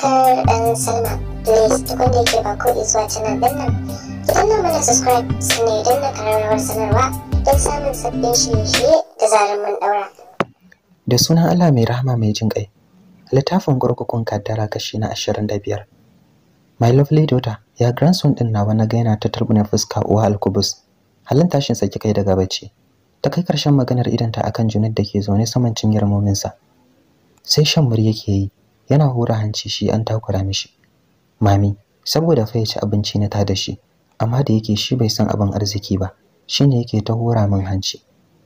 subscribe and sign up. Please tukun da yake ba ko zuwa canal din nan. Ki danna mana subscribe sannan idan na kararrawar sanarwa don samun sabbin shirye-shirye da zarar mun daura. Da sunan Allah mai rahama mai jin ƙai, Littafin gurgukun kaddara kashi na ashirin da biyar. My lovely daughter, ya grandson din nawa na ga yana ta turbina fuska uwa alkubus. Halin tashin sa kai daga bacci. Ta kai ƙarshen maganar idanta akan junar da ke zaune saman cinyar mominsa. Sai shan mur yake yi, yana hura hanci shi an takura mishi mami saboda fa ya ci abinci na ta da shi amma da yake shi bai san abin arziki ba shine yake ta hura min hanci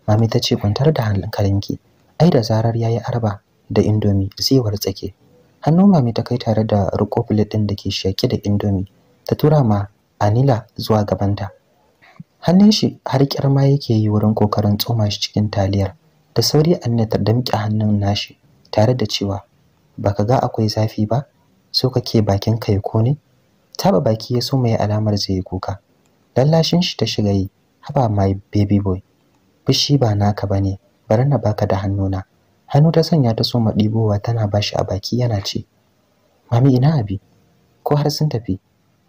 mami ta ce kwantar da hankalinki ai da zarar yayi arba da indomi zai wartsake hannu mami ta kai tare da riko plate din da ke shake da indomi ta tura ma anila zuwa gabanta hannun shi har ƙyarma yake yi wurin kokarin tsoma shi cikin taliyar da sauri annata ta damƙe hannun nashi tare da cewa baka ga akwai zafi ba so kake bakin kai ko ne taba baki ya so mai alamar zai kuka lallashin shi ta shiga yi haba my baby boy fushi ba naka bane bari na baka da hannuna hannu ta sanya ta soma ɗibowa tana bashi a baki yana ce mami ina abi ko har sun tafi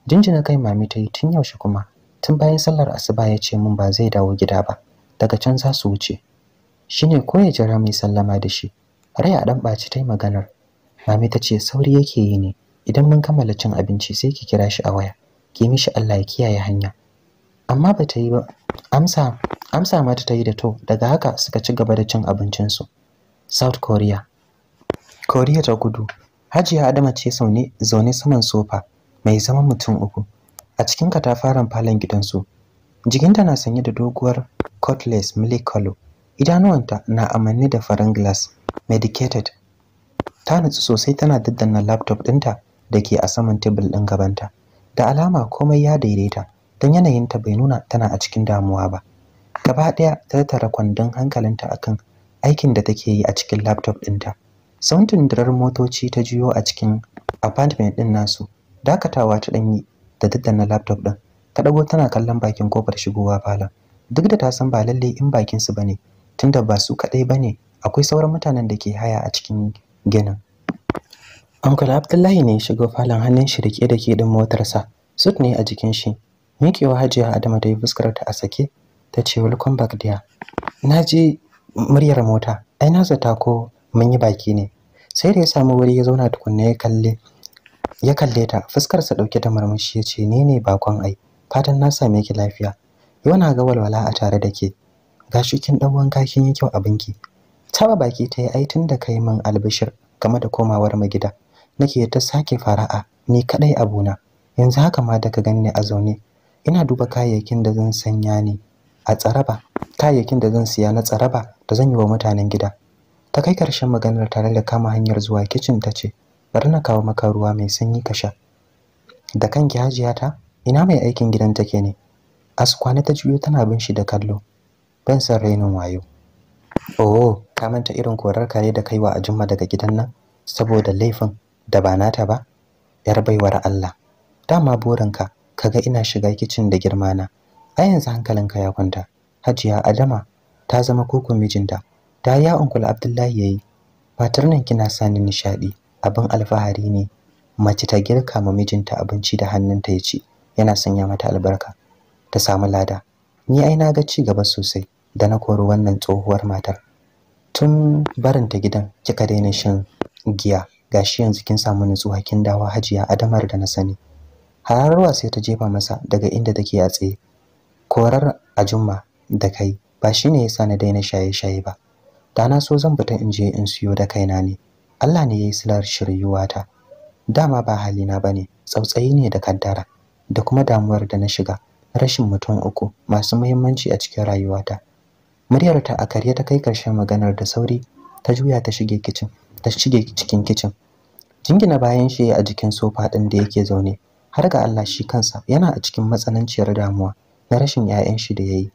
jinjina kai mami ta yi tun yaushe kuma tun bayan sallar asuba ya ce min ba zai dawo gida ba daga can za su wuce shine ko ya jira mai sallama da shi rai a dan ɓaci ta yi maganar Mami ta ce sauri yake yi ne, idan mun kammala cin abinci sai ki kira shi a waya, ki mishi Allah ya kiyaye hanya. Amma ba ta yi ba, amsa, amsa mata ta yi da to, daga haka suka ci gaba da cin abincinsu. South Korea Koriya ta gudu, Hajiya Adama ce saune zaune saman sofa mai zaman mutum uku a cikin katafaren falon gidansu. Jikinta na sanye da doguwar cutlass milk color. Idanuwanta na amanni da farin glass medicated ta nutsu sosai tana daddanna laptop ɗinta da ke a saman tebul ɗin gabanta da alama komai ya daidaita don yanayinta bai nuna tana a cikin damuwa ba gaba ɗaya ta tara kwandon hankalinta akan aikin da take yi a cikin laptop ɗinta sautin dirar motoci ta jiyo a cikin apartment ɗin nasu dakatawa ta ɗanyi da daddanna laptop ɗin ta ɗago tana kallon bakin kofar shigowa falon duk da ta san ba lallai in bakin su bane tunda ba su kaɗai bane akwai sauran mutanen da ke haya a cikin ginin Uncle Abdullahi ne ya shigo falon hannun shi rike da kedin motarsa. Sut ne a jikin shi. Mikewa Hajiya Adama da fuskar ta a sake ta ce welcome back dear. Na ji muryar mota. Ai na zata ko mun yi baki ne. Sai da ya samu wuri ya zauna tukunna ya kalle ya kalle ta fuskar sa dauke da murmushi ya ce "Nene ne bakon ai. Fatan na same ki lafiya. Yau na ga walwala a tare da ke. Gashi kin dan wanka kin yi kyau abinki. taba baki ta yi aitin da kai min albishir game da komawar mu gida nake ta sake fara'a ni kadai abuna yanzu haka ma da ka ganni a zaune ina duba kayayyakin da zan sanya ne a tsaraba kayayyakin da zan siya na tsaraba da zan yi wa mutanen gida ta kai karshen maganar tare da kama hanyar zuwa kicin ta ce bari na kawo maka ruwa mai sanyi ka sha da kanki hajiyata ina mai aikin gidan take ne kwana ta juyo tana bin shi da kallo ban san rainin wayo oh ka manta irin korar kare da kaiwa a Jumma daga gidan nan saboda laifin da ba nata ba yar baiwar Allah dama burinka kaga ina shiga kicin da girma na a yanzu hankalinka ya kwanta Hajiya Adama ta zama kukun mijinta da ya unkul Abdullahi yayi fatar nan kina sani nishadi abin alfahari ne mace ta girka ma mijinta abinci da hannunta ya ci yana sanya mata albarka ta samu lada ni ai na ga ci gaba sosai da na kori wannan tsohuwar matar tun barin ta gidan kika daina shan giya gashi yanzu kin samu nutsuwa kin dawo hajiya adamar da na sani hararwa sai ta jefa masa daga inda take a tsaye korar a Juma da kai ba shi ne yasa na daina shaye-shaye ba da na so zan fita in je in siyo da kaina ne Allah ne ya yi silar shiryuwata dama ba halina ba ne. tsautsayi ne da kaddara da kuma damuwar da na shiga rashin mutum uku masu muhimmanci a cikin rayuwata muryar ta a karye ta kai karshen maganar da sauri ta juya ta shige kicin ta shige cikin kicin jingina bayan shi a jikin sofa din da yake zaune har ga Allah shi kansa yana a cikin matsananciyar damuwa na rashin 'ya'yan shi da yayi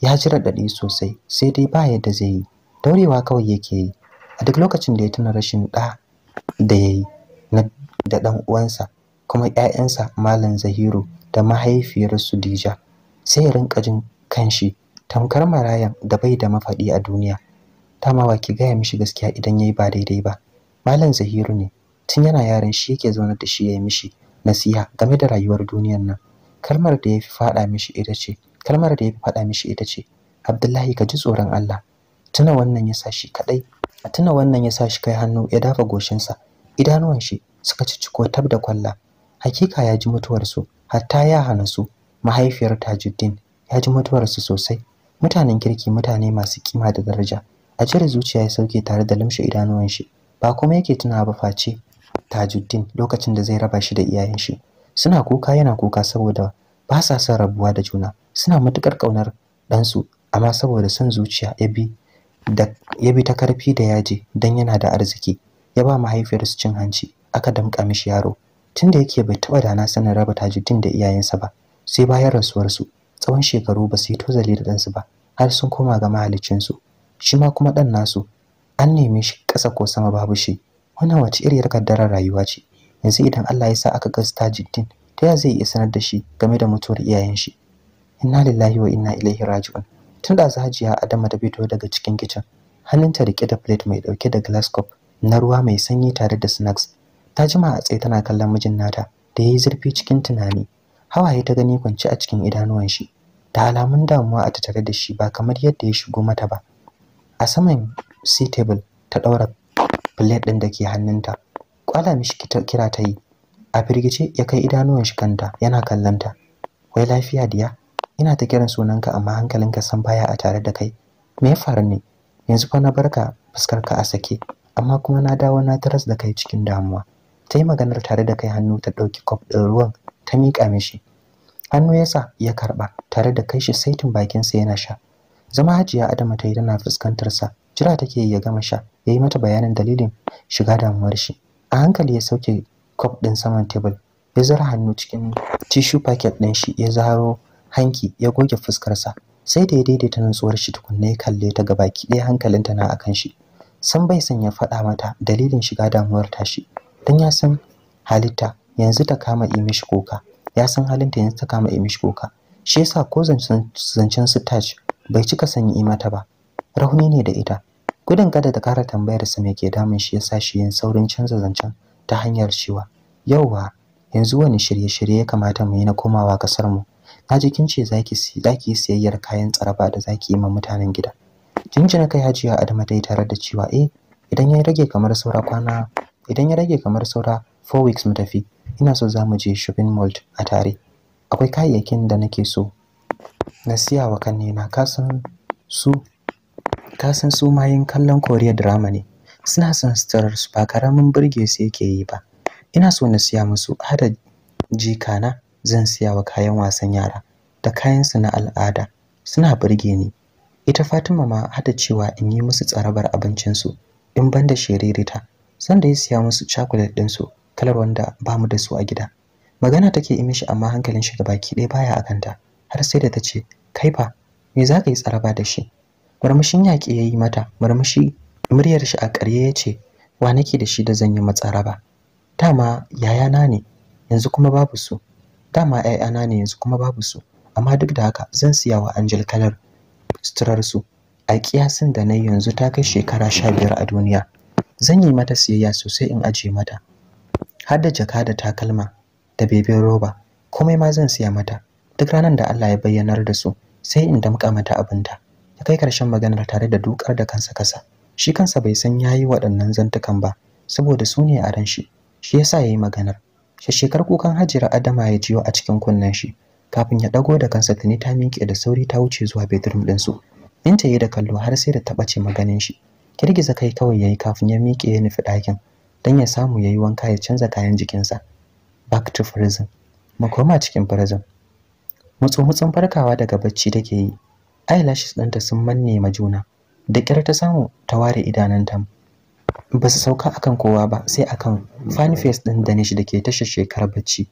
ya ji raɗaɗi sosai sai dai ba yadda zai yi daurewa kawai yake yi a duk lokacin da ya tuna rashin ɗa da yayi yi da ɗan uwansa kuma 'ya'yansa malam zahiru da mahaifiyar su dija sai ya rinka jin kanshi tamkar marayan da bai da mafaɗi a duniya ba ki gaya mishi gaskiya idan yayi ba daidai ba malam zahiru ne tun yana yaran shi yake zaune da shi yayi mishi nasiha game da rayuwar duniyar nan kalmar da yafi faɗa mishi ita ce kalmar da yafi faɗa mishi ita ce Abdullahi ka ji tsoron Allah tuna wannan ya sa shi kadai tuna wannan ya sa shi kai hannu ya dafa goshinsa idanuwan shi suka cicciko tab da kwalla hakika ya ji mutuwarsu, hatta ya hana su mahaifiyar Tajuddin ya ji mutuwarsu sosai mutanen kirki mutane masu kima da daraja a cire zuciya ya sauke tare da lamshe idanuwan shi ba kuma yake tuna ba face tajuddin lokacin da zai raba shi da iyayen shi suna kuka yana kuka saboda ba sa son rabuwa da juna suna matukar kaunar ɗansu amma saboda son zuciya ya bi da ya bi ta karfi da yaji dan yana da arziki ya ba mahaifiyarsu cin hanci aka damka mishi yaro tunda yake bai taɓa dana sanin raba tajuddin da iyayensa ba sai bayan rasuwarsu tsawon shekaru ba su yi tozali da ɗansu ba har sun koma ga mahaliccinsu shi ma kuma ɗan nasu an nemi shi ƙasa ko sama babu shi wannan wace iriyar kaddarar rayuwa ce yanzu idan Allah ya sa aka ga Jiddin. ta ya zai iya sanar da shi game da mutuwar iyayen shi inna lillahi wa inna ilaihi raji'un tun da Hajiya Adama da fito daga cikin kicin. hannunta rike da plate mai ɗauke da glass cup na ruwa mai sanyi tare da snacks ta jima a tsaye tana kallon mijin nata da ya yi zurfi cikin tunani hawaye ta gani kwance a cikin idanuwan shi da alamun damuwa a tattare da shi ba kamar yadda ya shigo mata ba a saman sea table ta ɗaura plate ɗin da ke hannunta kwala mishi kira ta yi a firgice ya kai idanuwan shi kanta yana kallanta wai lafiya diya ina ta kiran sunanka amma hankalinka san baya a tare da kai me ya faru ne yanzu fa na barka fuskarka a sake amma kuma na dawo na taras da kai cikin damuwa ta yi maganar tare da kai hannu ta ɗauki kwaf ɗin ruwan ta miƙa mishi hannu yasa ya karɓa tare da kai shi saitin bakinsa yana sha zama hajiya adama ta yi tana fuskantar sa jira take ya gama sha ya yi mata bayanin dalilin shiga damuwar shi a hankali ya sauke kwaf ɗin saman tebul ya zara hannu cikin tishu paket ɗin shi ya zaro hanki ya goge fuskarsa sai da ya daidaita nutsuwar shi tukunna ya kalle ta gabaki ɗaya hankalinta na akan shi san bai san ya faɗa mata dalilin shiga damuwar tashi don ya san halitta yanzu ta kama yi mishi kuka ya san halinta yanzu ta kama yi mishi kuka shi yasa ko zancen su touch bai cika sanya yi mata ba rauni ne da ita gudun kada da kara tambayar sa me ke damun shi yasa shi yin saurin canza zancen ta hanyar cewa yauwa yanzu wani shirye-shirye ya kamata mu yi na komawa kasar mu na ji kin ce zaki zaki siyayyar kayan tsaraba da zaki yi ma mutanen gida jinjina kai hajiya adama dai tare da cewa eh idan ya rage kamar saura kwana idan ya rage kamar saura 4 weeks mu tafi ina so za mu je shopping mall a tare akwai kayayyakin da nake so na siya wa kanne na kasan su kasan su mayin kallon Korea drama ne suna son sutarar ba karamin burge su yake yi ba ina so na siya musu hada jika na zan siya wa kayan wasan yara da kayansu na al'ada suna burge ni ita Fatima ma hada cewa in yi musu tsarabar abincinsu in banda shiririta sanda ya siya musu chocolate su kalar wanda ba mu da su a gida magana take yi mishi amma hankalin shi baki ɗaya baya a kanta har sai da ta ce kai fa me za ka yi tsaraba da shi murmushin yaki ya yi mata murmushi muryar shi a ƙarye ya ce wa nake da shi da zan yi matsaraba dama yayana ne yanzu kuma babu su dama yayana ne yanzu kuma babu su amma duk da haka zan siya wa Angel kalar suturar su a kiyasin da na yanzu ta kai shekara sha biyar a duniya zan yi mata siyayya sosai in aje mata har da jaka da takalma da bebin roba komai ma zan siya mata duk ranar da Allah ya bayyanar da su sai in damƙa mata abinta ya kai karshen maganar tare da dukar da kansa kasa shi kansa bai san yayi waɗannan zantukan ba saboda su ne a ran shi shi yasa yayi maganar shekar kukan Hajira Adama ya jiyo a cikin kunnen shi kafin ya dago da kansa tuni ta miƙe da sauri ta wuce zuwa bedroom ɗinsu. su ta yi da kallo har sai da ta ce maganin shi kirgiza kai kawai yayi kafin ya miƙe ya nufi ɗakin don ya samu ya yi wanka ya canza kayan jikinsa back to prison mu koma cikin prison mutsu-mutsun farkawa daga bacci take yi eyelashes ɗinta sun manne ma juna da ƙyar ta samu ta ware idananta ba su sauka akan kowa ba sai akan fan face ɗin danish da ke tashar shekarar bacci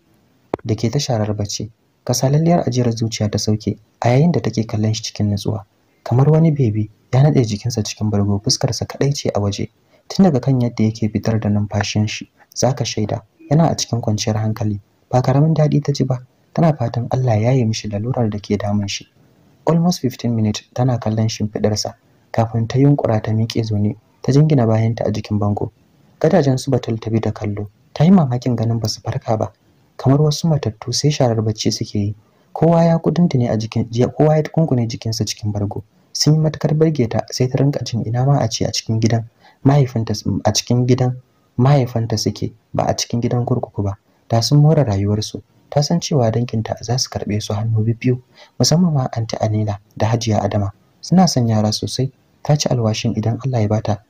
da ke tasharar bacci kasalalliyar ajiyar zuciya ta sauke a yayin da take kallon shi cikin nutsuwa kamar wani bebi ya nade jikinsa cikin bargo fuskarsa kadai ce a waje tun daga kan yadda yake fitar da numfashin shi zaka shaida yana a cikin kwanciyar hankali ba karamin daɗi ta ji ba tana fatan Allah ya yi mishi lalurar da ke damun shi almost 15 minutes tana kallon shimfidarsa kafin ta yunkura ta miƙe zone ta jingina bayanta a jikin bango gadajen su batul ta bi da kallo ta yi mamakin ganin ba su farka ba kamar wasu matattu sai sharar bacci suke yi kowa ya kudundune a jikin kowa ya kungune jikinsa cikin bargo sun yi matukar burge ta sai ta rinka jin ina ma a ce a cikin gidan mahaifinta a cikin gidan mahaifanta suke ba a cikin gidan kurkuku ba ta sun more rayuwarsu ta san cewa danginta za su karɓe su hannu biyu musamman ma anti anila da hajiya adama suna son yara sosai ta ci alwashin idan allah ya bata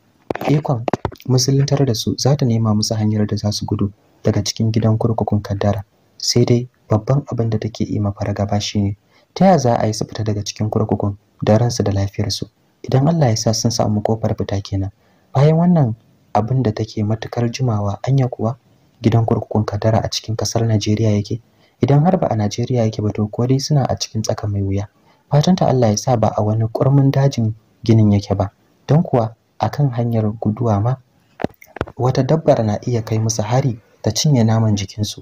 ikon musuluntar da su za ta nema musu hanyar da za su gudu daga cikin gidan kurkukun kaddara sai dai babban abin da take yi shi shine ta yaya za a yi su fita daga cikin kurkukun da ransu da lafiyarsu idan Allah ya sa sun samu kofar fita kenan bayan wannan abin da take matukar jimawa anya kuwa gidan kurkukun kadara a cikin kasar Najeriya yake idan har ba a Najeriya yake ba to ko dai suna a cikin tsaka mai wuya fatanta Allah ya sa ba a wani kurmin dajin ginin yake ba don kuwa akan hanyar guduwa ma wata dabbar na iya kai musu hari ta cinye naman jikinsu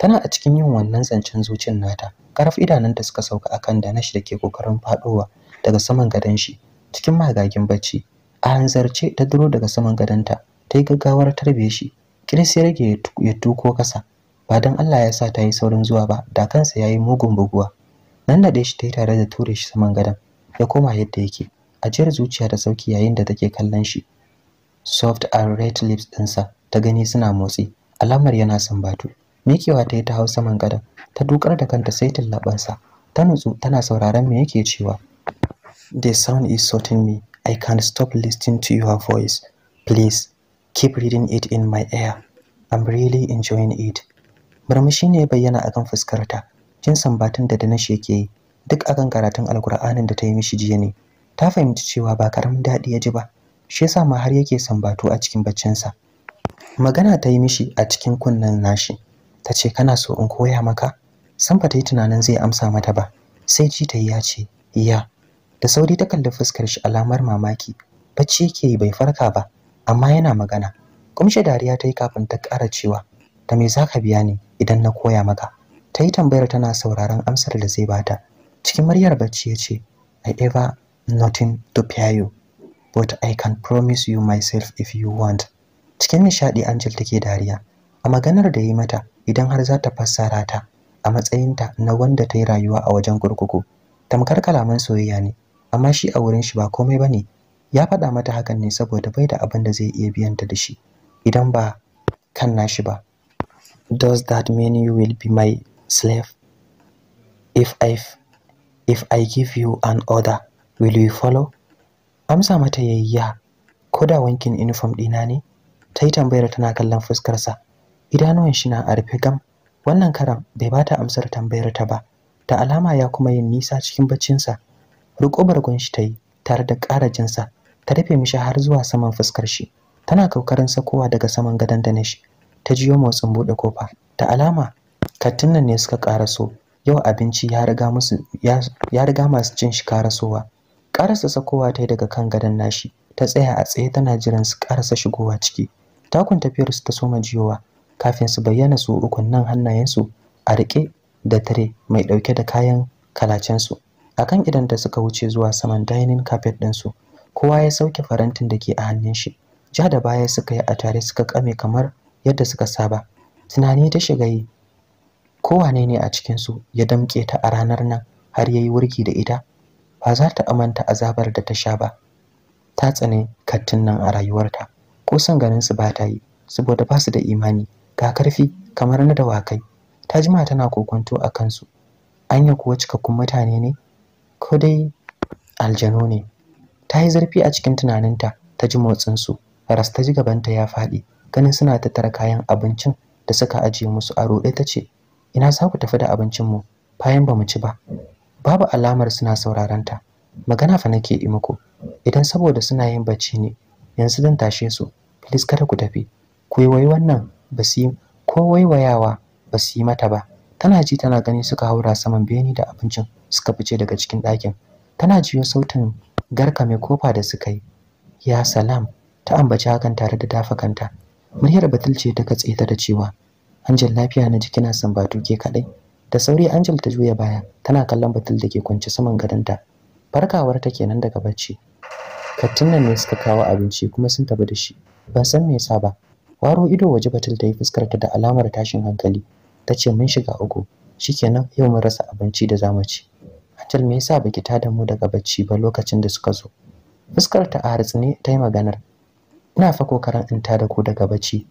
tana a cikin yin wannan zancen zuciyar nata karaf idanunta suka sauka akan nashi da ke kokarin fadowa daga saman gadon shi cikin magagin bacci a hanzarce ta duro daga saman gadonta ta Ta yi gaggawar tarbe shi kiris ya rage ya tuko kasa ba don Allah ya sa ta yi saurin zuwa ba da kansa ya yi mugun buguwa nan da shi ta yi tare da ture shi saman gadon ya koma yadda yake ajiyar zuciya da sauki yayin da take kallon shi soft and red lips ɗinsa ta gani suna motsi alamar yana batu mikewa ta yi ta hau saman gadon ta dukar da kanta saitin labansa ta nutsu tana sauraron me yake cewa The sound is sorting me. I can't stop listening to your voice. Please, keep reading it in my ear. I'm really enjoying it. Murmushi ne ya bayyana akan fuskarta, jin sambatin da na sheke duk akan karatun Alkur'anin da ta yi mishi jiya ne. Ta fahimci cewa ba karamin daɗi ya ji ba, shi yasa ma har yake sambato a cikin baccinsa. Magana ta yi mishi a cikin kunnen nashi, ta ce kana so in koya maka? San ta yi tunanin zai amsa mata ba, sai ji ta yi ya ce, iya. da sauri ta kalli fuskar shi alamar mamaki bacci yake yi bai farka ba amma yana magana kumshe dariya ta yi kafin ta ƙara cewa ta me za ka biya ni idan na koya maka ta yi tambayar tana sauraron amsar da zai bata cikin muryar bacci ya ce i ever nothing to pay you but i can promise you myself if you want cikin nishadi angel take dariya a maganar da yi mata idan har za ta fassara ta a matsayinta na wanda ta yi rayuwa a wajen kurkuku tamkar kalaman soyayya ne amma shi a wurin shi ba komai ba ne. ya faɗa mata hakan ne saboda bai da abin da zai iya biyan ta da shi idan ba kan nashi ba does that mean you will be my slave if i if i give you an order will you follow amsa mata yayya ko da wankin uniform dina ne ta yi tambayar tana kallon fuskarsa idanuwan shi na a rufe gam wannan karam bai bata amsar tambayar ta ba da alama ya kuma yin nisa cikin baccinsa Riko gunshi ta yi tare da ƙara jinsa ta rufe mishi har zuwa saman fuskar shi. Tana kokarin sakowa daga saman gadon da shi. Ta jiyo motsin buɗe kofa. Da alama kattunan ne suka karaso. Yau abinci ya riga masu cin shi karasowa. Karasa sakowa ta yi daga kan gadon nashi. Ta tsaya a tsaye tana jiran su karasa shigowa ciki. Takun tafiyar su ta soma jiyowa kafin su bayyana su ukun nan hannayensu a riƙe da tare mai ɗauke da kayan kalacensu. akan idan da suka wuce zuwa saman dining carpet ɗinsu kowa ya sauke farantin da ke a hannun shi ja da baya suka yi a tare suka kame kamar yadda suka saba tunani ta shiga yi kowane ne a su ya damƙe ta a ranar nan har yayi wurgi da ita ba za ta amanta azabar da ta sha ba ta tsane kattin nan a rayuwarta ko san ganin su ba ta yi saboda ba su da imani ga karfi kamar na dawakai ta jima tana kokonto a kansu anya kuwa cikakkun mutane ne ko dai aljanu ne ta yi zarfi a cikin tunaninta ta ji motsinsu ras ta ji gabanta ya faɗi ganin suna tattara kayan abincin da suka ajiye musu a roɗe ta ce ina za ku tafi da abincinmu bayan ba mu ci ba babu alamar suna sauraron ta magana fa nake yi muku idan saboda suna yin bacci ne yanzu zan tashe su please kada ku tafi ku yi wai wannan ba su yi ko waiwayawa ba su yi mata ba tana ji tana gani suka haura saman beni da abincin suka fice daga cikin ɗakin tana jiyo sautin garka mai kofa da suka yi ya salam ta ambaci hakan tare da dafa kanta muryar batul ce ta katse ta da cewa angel lafiya na jiki na sambatu ke kaɗai da sauri angel ta juya baya tana kallon batul da ke kwance saman gadonta farkawar ta kenan daga bacci Kattunan ne suka kawo abinci kuma sun tafi da shi ban san me yasa ba waro ido waje batul ta yi fuskar ta da alamar tashin hankali ta ce mun shiga uku shikenan yau mun rasa abinci da zamu ci tal me yasa baki tada mu daga bacci ba lokacin da suka zo fuskar ta a ne ta yi maganar ina fa kokarin in tada ku daga bacci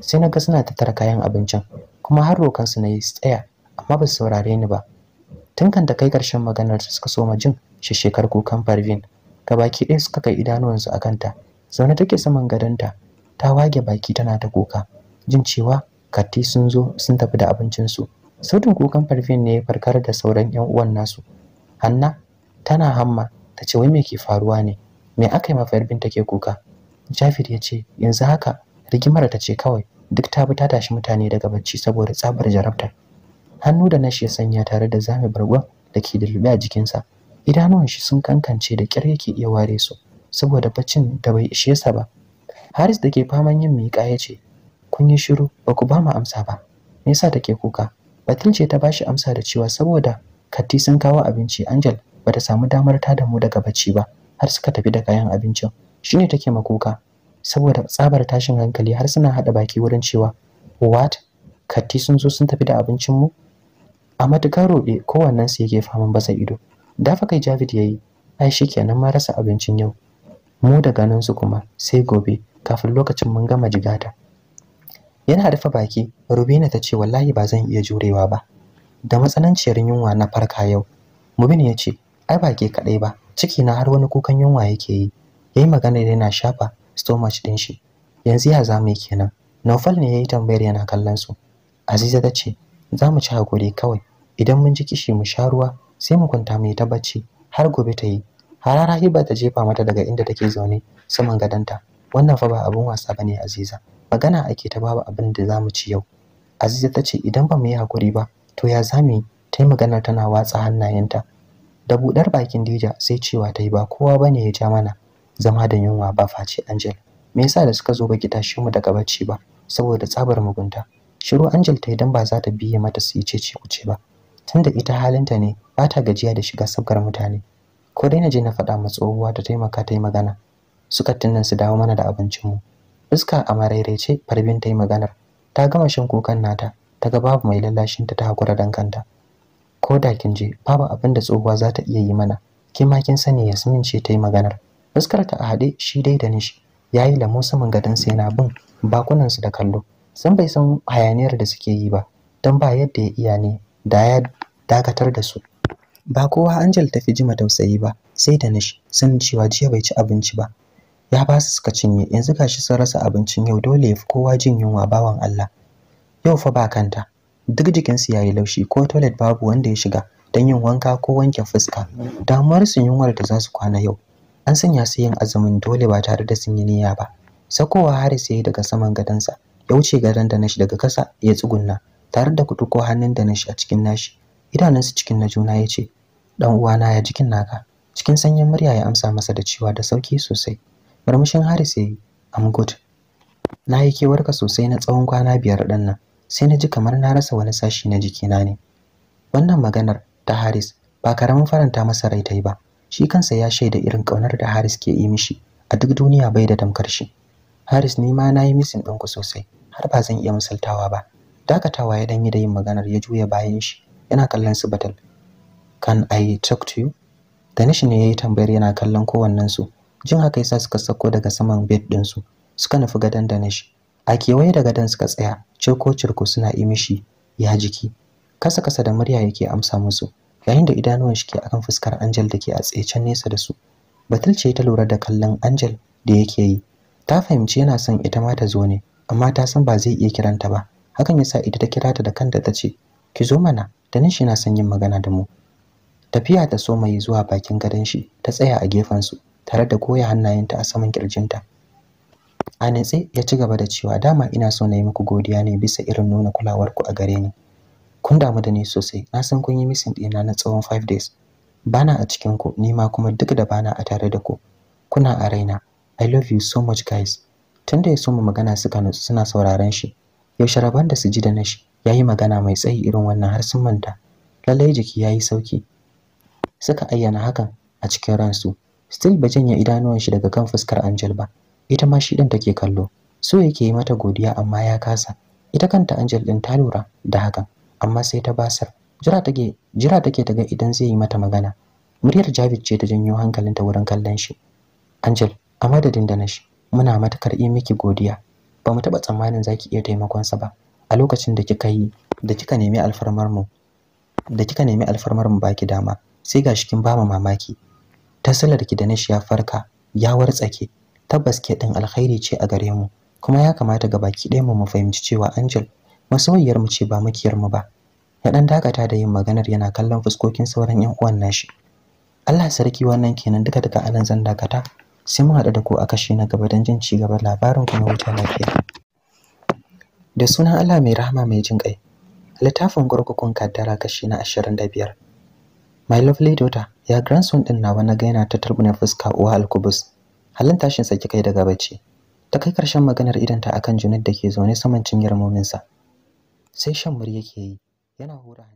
sai na ga suna tattara kayan abincin kuma har rokan su yi tsaya amma ba su saurare ni ba tun kan da kai karshen maganar suka so jin shekar kukan Parvin baki ɗaya suka kai idanuwansu a kanta zaune take saman gadonta ta Ta wage baki tana ta kuka jin cewa katti sun zo sun tafi da abincinsu sautin kukan Parvin ne ya farkar da sauran 'yan uwan nasu hanna tana hamma ta ce wai me ke faruwa ne me aka yi mafayar binta ke kuka jafir ya ce yanzu haka rigimar ta ce kawai duk ta bi ta tashi mutane daga bacci saboda tsabar jarabtar hannu da nashi ya sanya tare da zame bargwa da ke lulluɓe a jikinsa idanuwan shi sun kankance da kyar yake iya ware su saboda baccin da bai ishe sa ba haris da ke faman yin miƙa ya ce kun yi shiru ba ku ba mu amsa ba me yasa take kuka batul ce ta bashi amsa da cewa saboda Katti sun kawo abinci, Angel bata samu damar ta da mu daga bacci ba, har suka tafi da kayan abincin. Shi Shine take makuka saboda tsabar tashin hankali har suna haɗa baki wurin cewa what Katti sun zo sun tafi da abincin mu? A matukar roɗe kowannensu su yake faman basa ido. Da fa kai Javid yayi, ai kenan ma rasa abincin yau. Mu daga nan su kuma sai gobe kafin lokacin mun gama jigata. Yana rufe baki, Rubina ta ce wallahi ba zan iya jurewa ba. da matsananciyar yunwa na farka yau mubin ya ce ai ba ke kaɗai ba ciki na har wani kukan yunwa yake yi Ya yi magana da yana shafa stomach ɗin shi yanzu ya zame kenan Naufal ne ya yi tambayar yana kallon su Aziza ta ce za mu ci hakuri kawai idan mun ji kishi mu sha ruwa sai mu kwanta mu yi ta bacci har gobe ta yi harara hiba ta jefa mata daga inda take zaune saman gadonta wannan fa ba abin wasa ba ne, Aziza magana ake ta babu abin da za mu ci yau Aziza ta ce idan ba mu yi hakuri ba to ya zame ta yi maganar tana watsa hannayenta da buɗar bakin dija sai cewa ta yi ba kowa ba ne ya ja mana zama da yunwa ba face angel me yasa da suka zo ba gida tashi mu daga bacci ba saboda tsabar mugunta shiru angel ta yi dan ba za ta biye mata su yi cece kuce ba tunda ita halinta ne ba ta gajiya da shiga sabgar mutane ko dai na je na faɗa ma tsohuwa ta taimaka ta yi magana suka tunan su dawo mana da abincinmu iska a marairaice farbin ta yi maganar ta gama shan kukan nata ta ga babu mai lallashin ta ta hakura dan kanta ko da kin je babu abin da tsohuwa za ta iya yi mana ke ma kin sani Yasmin ce ta yi maganar fuskar ta a haɗe shi dai da nishi yayi lamo saman gadon sai na bin bakunan su da kallo san bai san hayaniyar da suke yi ba dan ba yadda ya iya ne da ya dakatar da su ba kowa Angel ta fi jima tausayi ba sai da nishi san cewa jiya bai ci abinci ba ya ba su suka cinye yanzu gashi sun rasa abincin yau dole ya fi kowa jin yunwa bawan Allah yau fa ba kanta duk jikinsu yayi laushi ko toilet babu wanda ya shiga don yin wanka ko wanke fuska damuwarsu yunwar da za su kwana yau an sanya su yin azumin dole ba tare da sun yi niyya ba sakowa haris ya yi daga saman gadonsa ya wuce gadon da nashi daga kasa ya tsugunna tare da ko hannun da nashi a cikin nashi idanunsu cikin na juna ya ce dan uwana ya jikin naka cikin sanyin murya ya amsa masa da cewa da sauki sosai murmushin haris ya yi am good na yi kewarka sosai na tsawon kwana biyar ɗan nan sai na ji kamar na rasa wani sashi na jikina ne wannan maganar ta Haris ba karamin faranta masa rai ta yi ba shi kansa ya shaida irin kaunar da Haris ke yi mishi a duk duniya bai da tamkar shi Haris ni ma yi misin ɗinku sosai har ba zan iya misaltawa ba dakatawa ya yi da yin maganar ya juya bayan shi yana kallon su batal can i talk to you Danish ne yayi tambayar yana kallon kowannensu, jin haka yasa suka sako daga saman bed din su suka nufi gadon Danish a kewaye da gadon suka tsaya cirko-cirko suna yi mishi ya jiki kasa-kasa da murya yake amsa musu yayin da idanuwan shi ke akan fuskar Angel da ke a tsecen nesa da su batilce ce ta lura da kallon Angel da yake yi ta fahimci yana son ita ma ta zo ne amma ta san ba zai iya kiranta ba hakan yasa ita ta kira ta da kanta ta ce ki zo mana da shi na son yin magana da mu tafiya ta so mai zuwa bakin gadon shi ta tsaya a gefen su tare da goya hannayenta a saman kirjinta a nitse ya ci gaba da cewa dama ina so na yi muku godiya ne bisa irin nuna kulawarku a gare ni kun damu da ni sosai na san kun yi missing ɗina na tsawon 5 days bana a cikin ku ni ma kuma duk da bana a tare da ku kuna a raina i love you so much guys tunda ya so mu magana suka nutsu suna sauraron shi yaushe rabon da su ji da na shi ya yi magana mai tsayi irin wannan har sun manta lallai jiki ya yi sauki suka ayyana hakan a cikin ransu still bai janye idanuwan shi daga kan fuskar Angel ba ita ma shi ɗin take kallo so yake yi mata godiya amma ya kasa ita kanta Angel ɗin ta lura da hakan amma sai ta basar jira take jira ta ga idan zai yi mata magana muryar Javid ce ta janyo hankalinta wurin kallon shi Angel a madadin da nashi muna matakar yi miki godiya ba mu taɓa tsammanin za ki iya taimakonsa ba a lokacin da kika yi da kika nemi alfarmar mu da kika nemi alfarmar mu baki dama sai gashi kin ba mamaki ta ki da nashi ya farka ya wartsake tabbas ke ɗin alkhairi ce a gare mu kuma ya kamata ga baki ɗaya mu fahimci cewa Angel masoyiyar mu ce ba makiyar mu ba ya dan dakata da yin maganar yana kallon fuskokin sauran yan uwan nashi Allah sarki wannan kenan duka duka anan zan dakata sai mu haɗu da ku a kashi na gaba don jin ci gaban labarin kuma wuta lafiya da sunan Allah mai rahama mai jin kai littafin gurgukun kaddara kashi na 25 my lovely daughter ya grandson din nawa na ga yana ta turbina fuska uwa alkubus halin tashin sa kai daga bacci ta kai karshen maganar idanta akan Junaid da ke zaune saman cinyar mominsa sai shan muri yake yi yana hura